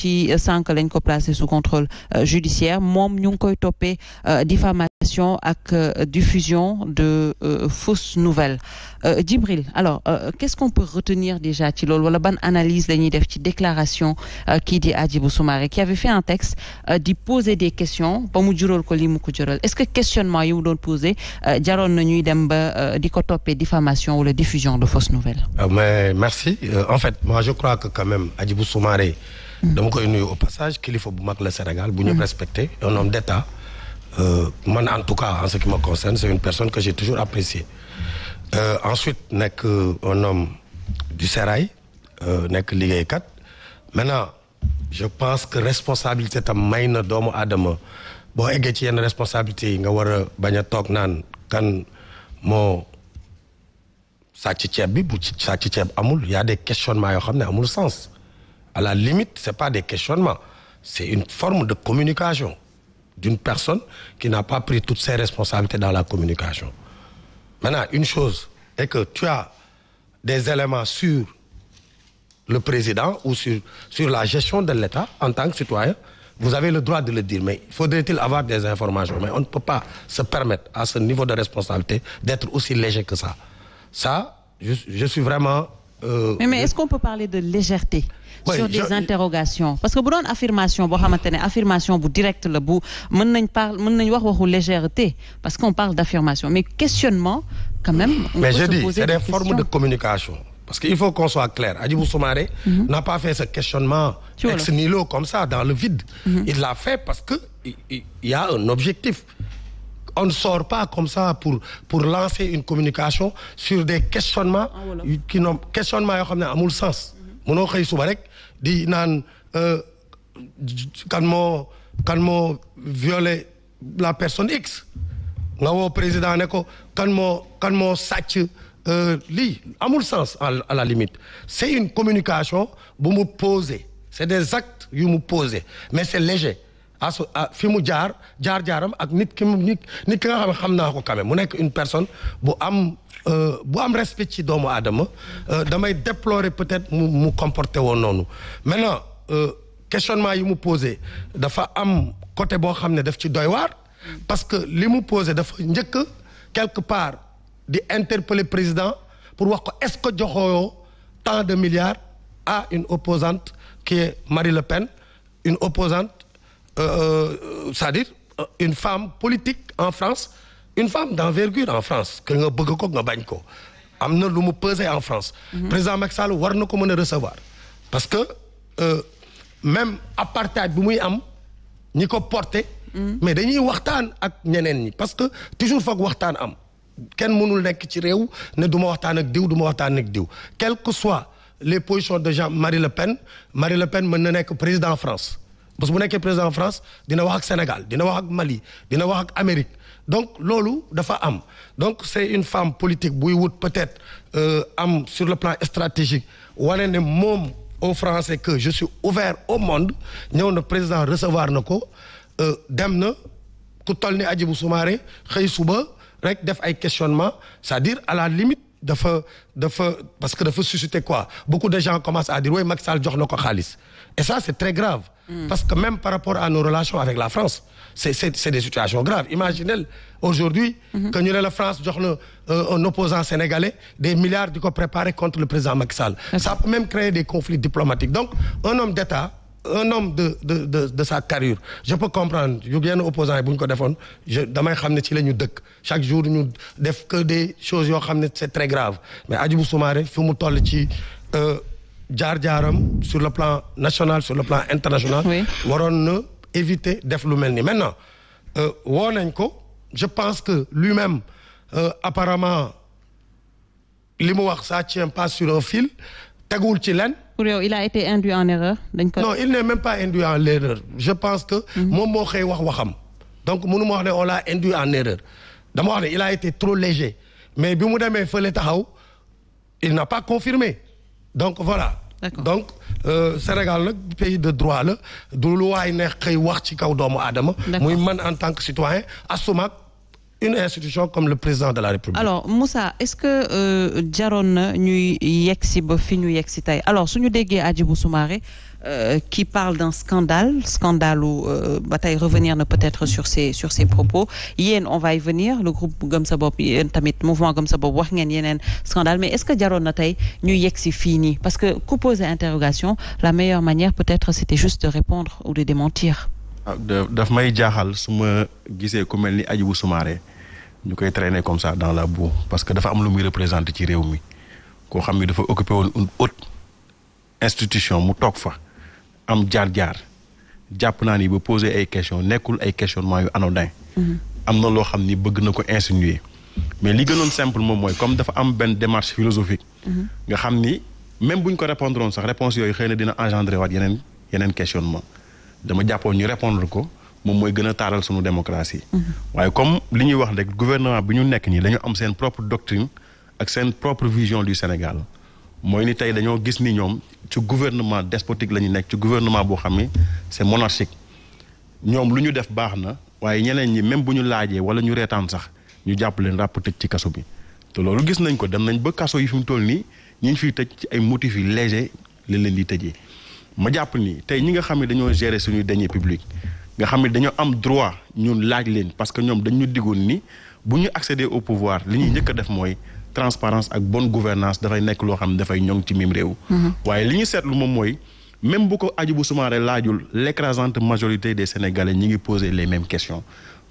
ci euh, sànq lañ ko placé sous contrôle euh, judiciaire moom ñu ngi koy toppee euh, diffamation ak diffusion de fausses nouvelles Djibril alors qu'est-ce qu'on peut retenir déjà ci loolu wala ban analyse la ñuy def ci déclaration kii di Hadjibou Soumaré qui avait fait un texte di poser des questions ba mu jural ko li mu ko jural est-ce que questionnement yi mu doon poser jaroon na ñuy dem di ko toppee diffamation wala diffusion de fausses nouvelles mais en fait je crois que quand même Hadjibou Soumaré dama koy nuyu au passage kilifa bu mag la Sénégal bu ñu mm. respecté un homme d'état euh, man en tout cas en ce qui me concerne c'est une personne que j'ai toujours appréciée euh, ensuite nekk euh, un homme du sérail nekk liggéeykat maintenant je pense que responsabilité tam may na doomu aadama boo eggee ci yenn responsabilité yi nga war a bañ a toog naan kan moo sàcc ceeb bi bu sàcc ceeb amul y a questionnement yoo xam ne amul sens À la limite, ce n'est pas des questionnements, c'est une forme de communication d'une personne qui n'a pas pris toutes ses responsabilités dans la communication. Maintenant, une chose est que tu as des éléments sur le président ou sur, sur la gestion de l'État en tant que citoyen, vous avez le droit de le dire, mais faudrait-il avoir des informations Mais on ne peut pas se permettre, à ce niveau de responsabilité, d'être aussi léger que ça. Ça, je, je suis vraiment Euh, mais, mais euh, est-ce qu'on peut parler de légèreté sur des interrogations parce que bu doon affirmation boo xamante affirmation bu direct la bu mën nañ parle mën mais questionnement quand même on peut se dis de communication parce que faut qu'on soit clair Hadjibou Soumaré mm n'a pas fait ce questionnement ex nihilo comme ça dans le vide mhm. il l'a fait parce que y a un objectif on ne sort pas comme ça pour pour lancer une communication sur des questionnements ah, qui n'ont questionnement yoo xam ne amul sens mënoo xëy suba rek di naan euh, kan moo kan moo violé la personne X nga woo président ne ko kan moo kan moo sàcc euh, lii amul sens à la limite c'est une communication bu mu poser c'est des actes yu mu poser mais c'est léger asu fi mu jaar jaar jaaram ak nit ki nit nit ki nga xam xam naa ko quand mu nekk une personne bu am euh, bu am respect ci doomu aadama euh, damay déplorer peut-être mu mu comporté woon noonu maintenant euh, questionnement yi mu posé dafa am côté boo xam ne daf ci doy waar parce que li mu posé dafa njëkk quelque part di interpeller président pour wax ko est-ce que joxoo tant de milliards à une opposante qui est Marie Le Pen une opposante Euh, euh, c'est-à-dire euh, une femme politique en France une femme d'envergure en France que nga bëgg ko nga bañ ko am na lu mu peser en France mhm. président Macky Sall war na ko mën a recevoir parce que même apartheid bi muy am ñi ko porté mhm. mais dañuy waxtaan ak ñeneen ñi parce que toujours foog waxtaan am kenn mënul nekk ci réew ne du ma waxtaan ak diw du ma waxtaan ak diw quel que soit les positions de Jean Marie Le Pen Marie Le Pen mën na nekk président France parce bu nekkee président France dina wax ak Sénégal dina wax ak Mali dina wax ak Amérique donc loolu dafa am donc c'est une femme politique buy wut peut-être euh, am sur le plan stratégique wala ne moom au Français que je suis ouvert au monde ñëw na président recevoir na ko euh, dem na ku toll ni Hadjibou Soumaré xëy suba rek def ay questionnement c'est-à-dire à la limite dafa dafa parce que dafa susciter quoi beaucoup de gens commencent à dire oui Macky Sall jox na ko xaalis et ça c'est très grave. Hmm. parce que même par rapport à nos relations avec la France c'est c'est c'est des situations graves imaginez aujourd'hui hmm. que ñu ne la France jox na euh, un opposant sénégalais des milliards di ko préparer contre le président Macky Sall. Okay. ça peut même créer des conflits diplomatiques donc un homme d'État un homme de de de de sa carrure je peux comprendre yu yenn opposants yi bu ko defoon je damay xam ne ci la ñu dëkk chaque jour ñu def que des chose yoo xam ne c'est très grave mais Hadjibou Soumaré fi mu toll ci euh, jaar-jaaram sur le plan national sur le plan international. waroon na éviter def lu mel ni maintenant euh, woo nañ ko je pense que lui-même euh, apparemment li mu wax ça tient pas sur un fil tegul ci lenn. pour yow il a été induit en erreur. dañ ko non il n'est même pas induit en erreur je pense que. Mhm. moom moo xëy wax waxam. donc mënu ma wax ne on l'a induit en erreur dama wax ne il a été trop mais bi mu demee fële taxaw n'a pas confirmé donc voilà. D'accord. donc euh, Sénégal nag pays de droit la du lu waay neex xëy wax ci kaw doomu aadama. muy man en tant que citoyen asumaak une institution comme le président de la République. alors Moussa est-ce que euh, jaroon na ñuy yegsi ba fi ñu yegsi tey alors suñu déggee Hadjibou Soumaré euh, qui parle d'un scandale scandale où euh, ba tey revenir na peut-être sur ses sur ses propos yéen on va y venir le groupe Gëm sa bopp yéen tamit mouvement Gëm sa bopp wax ngeen yeneen scandale mais est-ce que jaroon na tey ñuy yegsi fii nii parce que ku poser interrogation la meilleure manière peut-être c'était juste de répondre ou de démentir. Ah, may jaaxal su ma gisee ku mel ni Hadjibou ñu koy traîner comme ça dans la boue parce que dafa am lu muy représenter ci réew mi koo xam ni dafa occupé woon une haute institution mu toog fa am jaar-jaar jàpp naa ni ba poser ay questions nekkul ay questionnement yu anodin mm-hmm. am na loo xam ni bëgg na ko insinuer mais li gënoon simple moom mooy comme dafa am benn démarche philosophique mm-hmm. nga xam ni même bu ñu ko répondroon sax réponse yooyu xëy na dina engendrer waat yeneen yeneen questionnement dama jàppoon ñu répondre ko moom mooy gën a taaral suñu démocratie. waaye comme li ñuy wax rek gouvernement bi ñu nekk nii dañoo am seen propre doctrine ak seen propre vision du Sénégal mooy ni tey dañoo gis ni ñoom ci gouvernement despotique la ñu nekk ci gouvernement boo xam ne c'est monarchique ñoom lu ñu def baax na waaye ñeneen ñi même bu ñu laajee wala ñu reetaan sax ñu jàpp leen ràpp tëj ci kaso bi te loolu gis nañ ko dem nañ ba kaso yi fi mu toll nii ñu fiy tëj ci ay motifs yi léger lañ leen di ma jàpp ni tey ñi nga xam ne dañoo gérer suñuy deniers publics nga xam ne dañoo am droit ñun laaj leen parce que ñoom dañu digoon ni bu ñu accéder au pouvoir li ñuy njëkk a def mooy transparence ak bonne gouvernance dafay nekk loo xam ne dafay ñoŋ ci mim réew. Mm-hmm. waaye li ñu seetlu moom mooy même bu ko Hadjibou Soumaré laajul l'écrasante majorité des Sénégalais ñi ngi poser les mêmes questions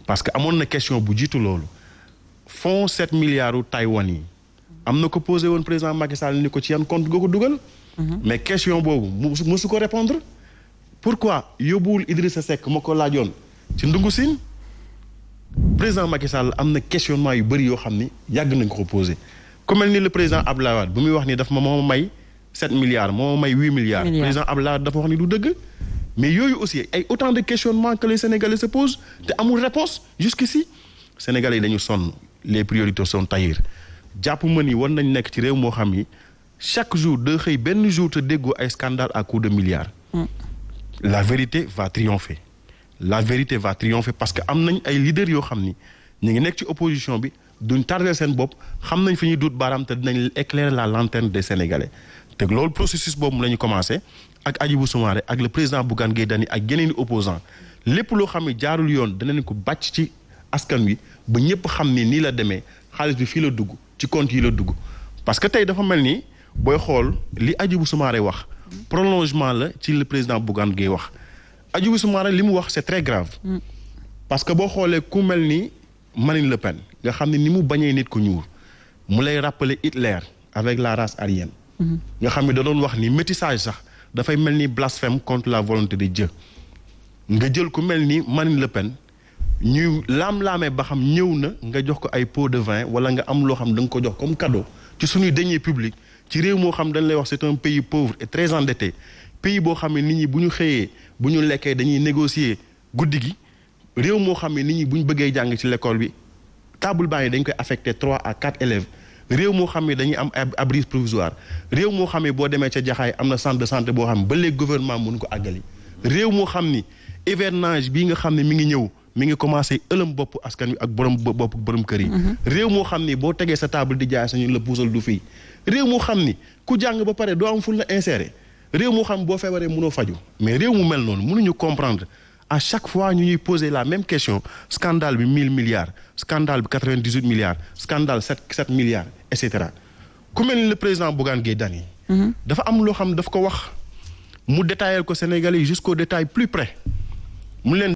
parce que amoon na question bu jiitu loolu fonds sept milliards u Taïwan yi am na ko posé woon président Macky Sall ni ko ci yan compte nga pourquoi yóbbuwul Idrissa Seck ma ko laajoon ci ndungu siin président Macky Sall am na questionnement yu bëri yoo xam ni yàgg nañ ko posé ku mel ni le président Abdoulaye Wade bu muy wax ni daf ma moo may set milliards moo may 8 milliards. milliards président Abdoulaye Wade dafa wax ni du dëgg. mais yooyu aussi ay autant de questionnements que les Sénégalais se posent te amul réponse jusqu'ici Sénégalais yi dañu sonn les priorités sont ailleurs jàpp ma ni war nañ nekk ci réew moo xam ni chaque jour da xëy benn jour te déggoo ay scandale à de milliards. Mm. la vérité va triompher la vérité va triompher parce que am nañ ay leaders yoo xam ni ñu ngi nekk ci opposition bi duñ tardé seen bopp xam nañ fi ñuy dut baaraam te dinañ éclairer la lanterne de sénégalais te loolu processus boobu la ñu commencé ak Hadjibou Soumaré ak le président Bougane Gueye Dany ak yeneen i lépp loo xam ne jaarul yoon danañ ko bàcc ci askan wi ba ñëpp xam ni nii la demee xaalis bi fii la dugg ci compte yi la dugg parce que tey dafa mel ni booy xool li Hadjibou Soumaré wax. prolongement la ci li président Bougane Gueye wax Hadjibou Soumaré li mu wax c'est très grave mm. parce que boo xoolee ku mel ni Marine Le Pen nga xam ne ni mu bañee nit ku ñuul mu lay rappeler leer avec la race aryenne mm-hmm. nga xam ne da doon wax ni métissage sax dafay mel ni blasphème contre la volonté de Dieu nga jël ku mel ni Marine Le Pen ñuy laam-laamee ba xam ñëw na nga jox ko ay pots de vin wala nga am loo xam da nga ko jox comme cadeau ci suñuy deniers publics ci réew moo xam dañu lay wax c'est un pays pauvre et très endetté pays boo xam ni nit ñi bu ñu xëyee bu ñu lekkee dañuy négocier guddi gi réew moo xam ne nit ñi bu ñu bëggee jàng ci l'école bi table banc yi dañ koy affecté trois à quatre élèves réew moo xam ni dañuy am abris provisoire réew moo xam ne boo demee ca jaxaay am na centre de santé boo xam ne ba léegi gouvernement mënu ko àggali réew moo xam ni hivernage bii nga xam ne mi ngi ñëw mi ngi commencé ëlëm bopp askan wi ak borom bopp borom kër yi. Mm-hmm. xam ni boo tegee sa table di jaay sañu la puusal du fii réew moo xam ni ku jàng ba pare doo am fu la réew mu xam boo feebaree mënoo faju mais réew mu mel noonu mënuñu comprendre à chaque fois ñu ñuy poser la même question scandale bi 1000 milliards scandale bi 98 milliards scandale 7 7 milliards et cetera ku mel ni le président Bougane Gueye Dany mm-hmm. dafa am loo xam dafa ko wax mu détaillé ko sénégal yi jusqu'au détail plus près mu leen